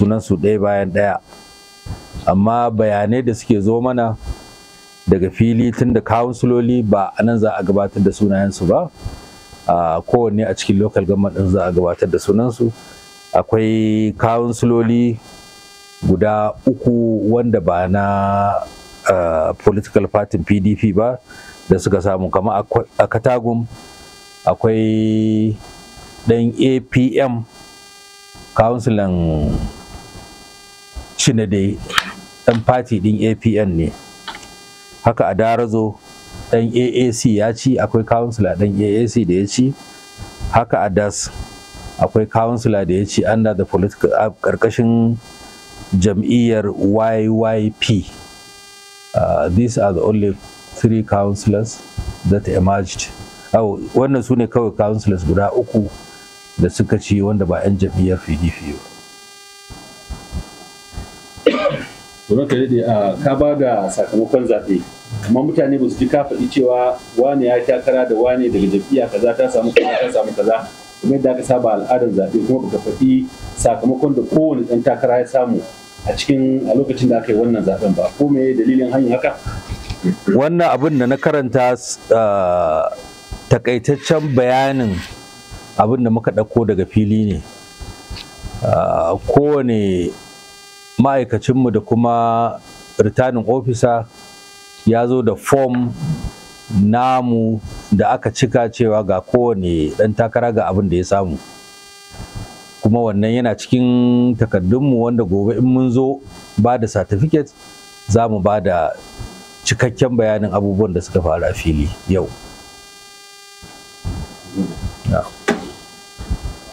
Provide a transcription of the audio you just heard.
sunansu ɗaya bayan ɗaya amma bayanai da suke zo mana daga fili tun da kawunsuloli ba a nan za a gabatar da sunayensu ba a kowanne a cikin local government ɗin za a gabatar da sunansu akwai kawunsuloli guda uku wanda ba na political party pdp ba da suka samu kama a katagum akwai ɗan apm kawunsilan cina dai ɗan fati ɗin apn ne haka a darazo ɗan aac ya ci akwai kawunsila ɗan aac da ya ci haka a das akwai kawunsila da ya ci under the political a ƙarƙashin jam'iyyar yyp uh, these are the only three councillors that emerged oh, wannan su ne kawai councillors guda uku da suka ci wanda ba 'yan jam'iyyar pdp ba Domin ka daɗe a ka ba da sakamakon zaɓe. Amma mutane ba su ji ka faɗi cewa wane ya takara da wane daga jam'iyya kaza ta samu kaza ta samu kaza. Kuma yadda aka saba al'adar zaɓe kuma baka faɗi sakamakon da kowane ɗan takara ya samu a cikin a lokacin da aka yi wannan zaɓen ba. Ko me dalilin hanyar haka? Wannan abin da na karanta takaitaccen bayanin abin da muka ɗauko daga fili ne. kowane ma'aikacinmu da kuma returning officer ya zo da form namu da aka cika cewa ga kowane ɗan takara ga abin da ya samu kuma wannan yana cikin takardunmu wanda gobe in mun zo ba da certificate za mu ba da cikakken bayanin abubuwan da suka faru a fili yau. Yeah.